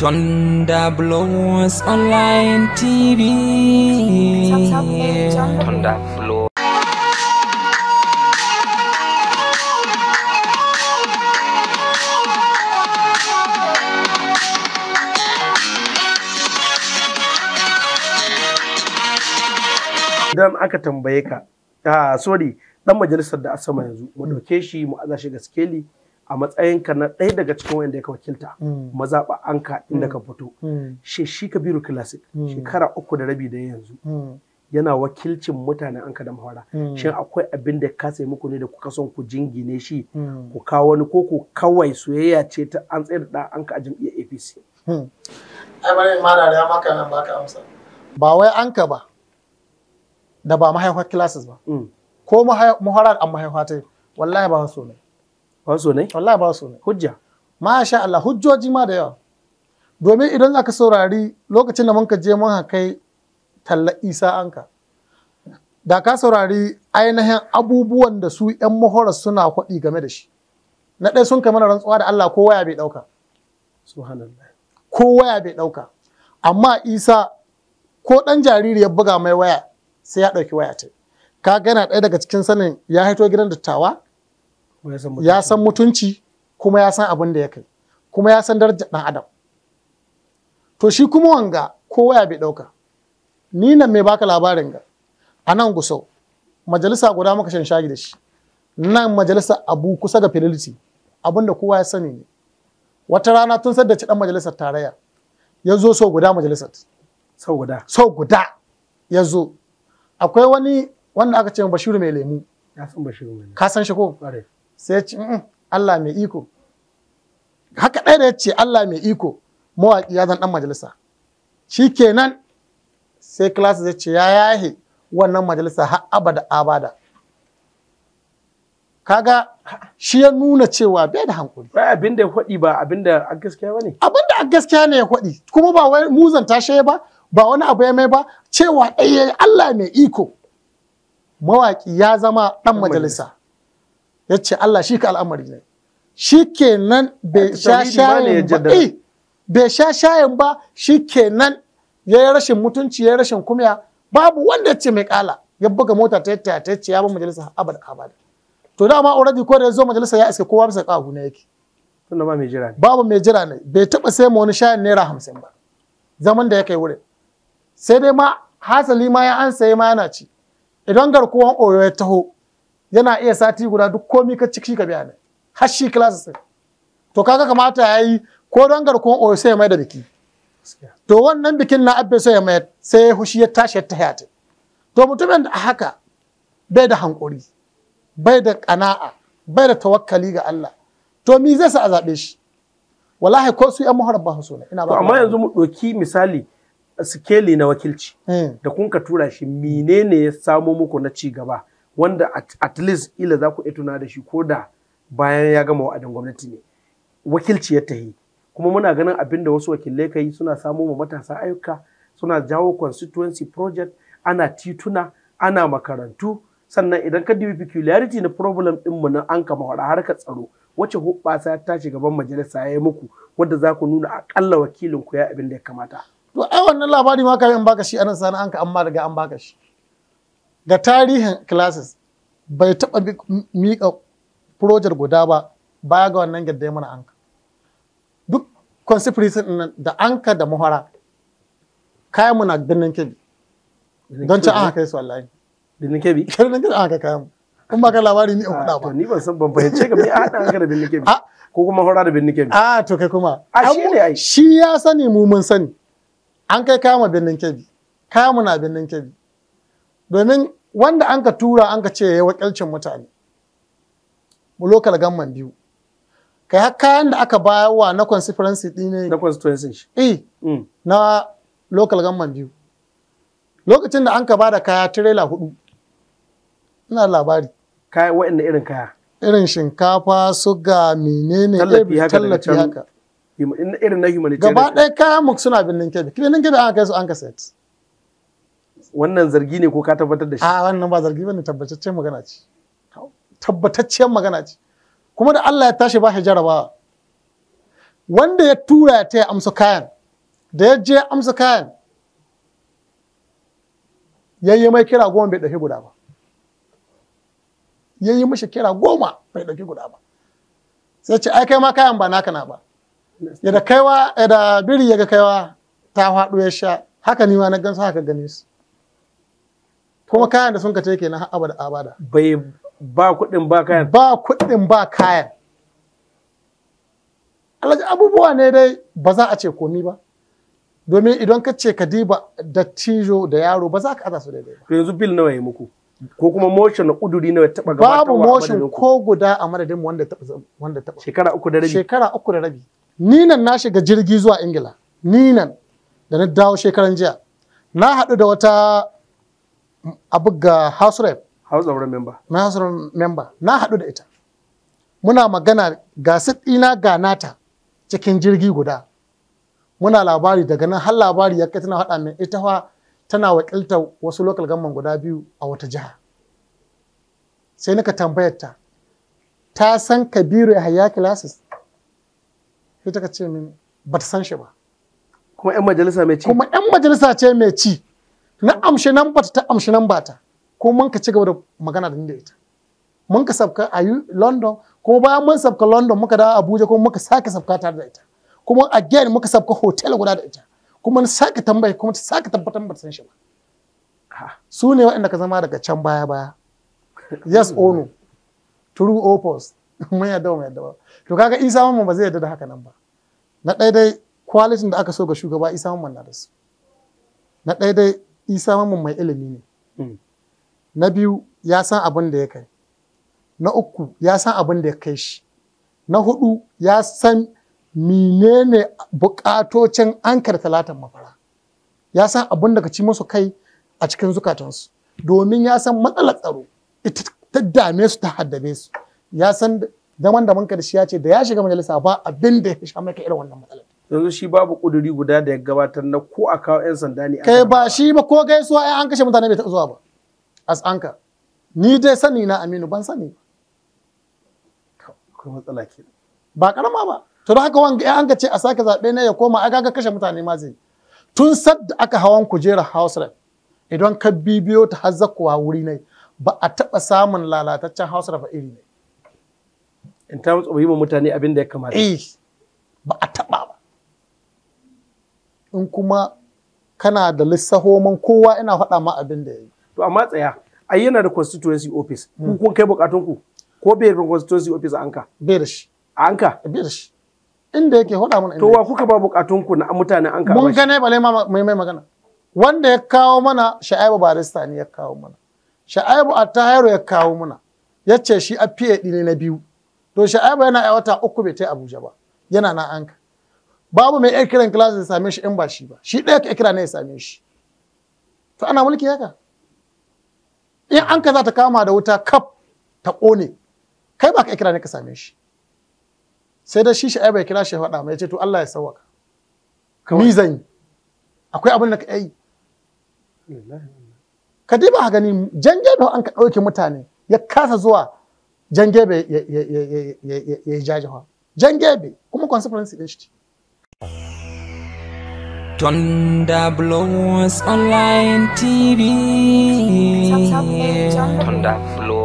Thunder Blows Online TV. Thunder Blows. Idan aka tambaye ka, ah, sorry, ɗan majalisar da a sama yanzu, mu ɗauke shi mu aza shi ga skeli a matsayinka na ɗaya daga cikin wanda ya ka wakilta mm. mazaɓa anka inda mm. ka fito mm. shi shi kabiru classic shekara uku da rabi da yanzu yana wakilcin an anka da mahara shin akwai abin da ka sai muku ne da kuka son ku jingine shi ku kawo wani ko ku kawai soyayya ce ta an tsayar da anka a jam'iyyar apc hmm. ai bari mara da maka nan baka amsa ba wai anka ba da ba mahaifar classes ba ko mahaifar an mahaifa ta wallahi ba so ne ba su ne wallahi ba su ne hujja masha Allah hujjoji ma da yawa domin idan aka saurari lokacin da muka je mun kai talla Isa anka da ka saurari ainihin abubuwan da su 'yan mahoras suna kwaɗi game da shi na ɗaya sun kai mana rantsuwa da Allah ko waya bai ɗauka ko waya bai ɗauka amma isa ko ɗan jariri ya buga mai waya sai ya ɗauki waya ta. ka gana ɗaya daga cikin sanin ya haito gidan dattawa ya san mutunci kuma ya san abin da ya kai kuma ya san darajar ɗan adam to shi kuma wanga ko waya bai ɗauka ni nan mai baka labarin ga a nan gusau majalisa guda muka shan shagi da shi nan majalisa abu kusa ga fidelity abin da kowa ya sani ne wata rana tun sadda ci dan majalisar tarayya ya zo sau guda majalisar sau guda sau guda ya zo akwai wani wanda aka ce bashiru mai lemu ka san shi ko sai ya ce Allah mai iko haka ɗaya da ya ce Allah mai iko mawaƙi ya zan ɗan majalisa shi kenan sai kilasa zai ce ya yahe wannan majalisa har abada abada kaga shi ya nuna cewa bai da hankali ba abin da ya faɗi ba abin da a gaskiya ne? abin da a gaskiya ne ya faɗi kuma ba wani muzan tashe ba ba wani abu ya mai ba cewa ɗaya Allah mai iko mawaƙi ya zama ɗan majalisa ya ce Allah shi ka al'amari ne shi kenan eh, bai sha shayin ba bai sha shayin ba shi kenan ya yi rashin mutunci ya yi rashin kumya babu wanda ce mai kala ya buga mota ta yadda ta ce ya bar majalisa abad abad to dama already ko da ya zo majalisa ya iske kowa bisa kawo ne yake tunda ba mai jira ne babu mai jira ne bai taba sai ma wani shayin naira hamsin ba zaman da ya kai wurin sai dai ma hasali ma ya an sai ma yana ci idan garkuwan oyo ya taho yana iya sati guda duk komi ka ciki ka biya ne har shi classes to kaga kamata yayi ko don garkon oyo sai mai da biki to wannan bikin na abbe sai ya mai sai ya hushi ya tashi ta hayata to mutumin da haka bai da hankuri bai da kana'a bai da tawakkali ga Allah to mi zai sa a zabe shi wallahi ko su yan muharraba su ne ina ba amma yanzu mu doki misali sikeli na wakilci eh. da kun ka tura shi menene ya samo muku na ci gaba wanda at least ila za ku iya tuna da shi ko da bayan ya gama wa'adin gwamnati ne wakilci ya tahi kuma muna ganin abin da wasu wakilai ka yi suna samo ma matasa ayyuka suna jawo constituency project ana tituna ana makarantu sannan idan ka dubi peculiarity na problem mu na an kama harkar tsaro wacce hubbasa ta tashi gaban majalisa ya yi muku wanda za ku nuna akalla wakilin ku ya abin da ya kamata to ai wannan labari ma an baka shi anan sana amma daga an baka shi ga tarihin classes bai taɓa miƙa projar guda ba baya ga wannan gadda mana anka duk conspiracy nan da anka da muhara kayan mu na birnin kebi don ci an kai su wallahi birnin kebi birnin kebi an haka kayan mu ba ka labari ni in kuɗa ba ah, ni ban san ban fahimce ga me haɗa anka da birnin kebi ah. ko kuma hura da birnin kebi a ah, to kai kuma a shi ne ai shi ya sani mu mun sani an kai kayan mu birnin kebi kayan mu na birnin kebi domin wanda an ka tura an ka ce ya wakilcin mutane mu local gamman biyu kai har kayan da aka bayarwa na constituency din ne na constituency shi eh mm. na local gamman biyu lokacin da an ka bada kaya trailer hudu ina labari kaya waɗanda irin kaya irin shinkafa suga menene tallafi eh, haka irin na humanitarian gaba ɗaya kaya mu suna binnin kebe kebe an kai su an ka set wannan zargi ne ko ka tabbatar da shi a wannan ba zargi ne tabbataccen magana ce tabbataccen magana ce kuma da Allah ya tashi ba shi jarabawa wanda ya tura ya taya amsa kayan da ya je amsa kayan ya yi mai kira goma bai ɗauki guda ba Ya yi mashi kira goma bai ɗauki guda ba sai ce ai kai ma kayan ba naka na ba ya da kaiwa ya da biri ya ga kaiwa ta faɗo ya sha haka ni ma na gansu haka gani su kuma kayan da sun kace take na abada abada bai ba kuɗin ba kayan ba kuɗin ba kayan alhaji abubuwa ne dai ba za a ce komi ba domin idan ka ce ka diba da tijo da yaro ba za ka aza su daidai ba yanzu bil nawa ya muku ko kuma motion na kuduri nawa ya taba gabatarwa babu motion ko guda a madadin wanda taba wanda taba shekara uku da rabi shekara uku da rabi ni nan na shiga jirgi zuwa ingila ni nan da na dawo shekaran jiya na haɗu da wata abu ga house rep house of member na house of member na haɗu da ita muna magana ga ɗina ga nata cikin jirgi guda muna labari daga nan har labari ya kai tana haɗa min ita fa tana wakilta wasu local government guda biyu a wata jiha sai nika tambayar ta ta san kabiru ya haya classes sai ta ce min ba ta san shi ba kuma 'yan majalisa mai ci kuma 'yan majalisa ce mai ci na nan namba ta amshi namba ta ko mun ka ci gaba da magana da ni da ita mun ka sabka a London ko bayan mun sabka London muka dawo Abuja ko muka sake sabka tare da ita kuma again muka sabka hotel guda da ita kuma na sake tambaye kuma ta sake tabbatar ba san shi ba su ne waɗanda ka zama daga can baya baya yes or no true or false mun yadda mun yadda ba to kaga Isa mamman ba zai yadda da haka nan ba na ɗaya dai kwalitin da aka so ga shugaba Isa mamman na da su na ɗaya dai isa mamun mai ilimi ne hmm. na biyu ya san abin da ya kai na uku ya san abin da ya kai shi na hudu ya san menene bukatocin ankar talatan mafara ya san abin da ka ci musu kai a cikin zukatansu domin ya san matsalar tsaro ita ta dame su ta haddame su ya san zaman da manka da shi ya ce da ya shiga majalisa ba abin da ya sha maka irin wannan matsalar yanzu shi babu kuduri guda da ya gabatar na ko a kawo 'yan sanda ne kai ba shi ba ko gaisuwa ai an kashe mutane bai taɓa zuwa ba as anka ni dai sani na aminu ban sani ba matsala ke ba karama ba to da haka wanga an ka ce a sake zaɓe ne ya koma a ga kashe mutane ma zai tun sadda aka hawan kujerar house rep idan ka bibiyo ta har zakuwa wuri ne ba a taɓa samun lalataccen house rep iri ne in ta mutsa yi mutane abin da ya kamata eh ba a taɓa ba in kuma kana da lissahomin kowa ina faɗa ma abin da ya yi. To amma tsaya, ai yana da constituency office, ku hmm. kun kai bukatun ku ko bai da constituency office a anka? Bai da shi. A anka? Bai da shi. Inda yake faɗa mana. To wa kuka ba bukatun ku na mutane anka? Mun gane bale mai mai magana. Wanda ya kawo mana Sha'ibu Barista ne ya kawo mana. Sha'ibu Attahiru ya kawo mana. Ya ce shi a fiye ne na biyu. To Sha'ibu yana wata uku bai ta Abuja ba. Yana na anka. babu mai iya kiran class ya same shi in ba shi ba shi ɗaya ka kira ne ya same shi to ana mulki haka in an ka za ta kama da wuta kaf ta ƙone kai ba ka kira ne ka same shi sai da shi shi ai bai kira shi faɗa mai ce to Allah ya sauwaka ni zan yi akwai abin da ka yi ka dai ba gani jangebe an ka ɗauke mutane ya kasa zuwa jangebe ya yi jajawa jangebe kuma consequence ɗin shi ce. Thunder Blows Online TV. Thunder Blows.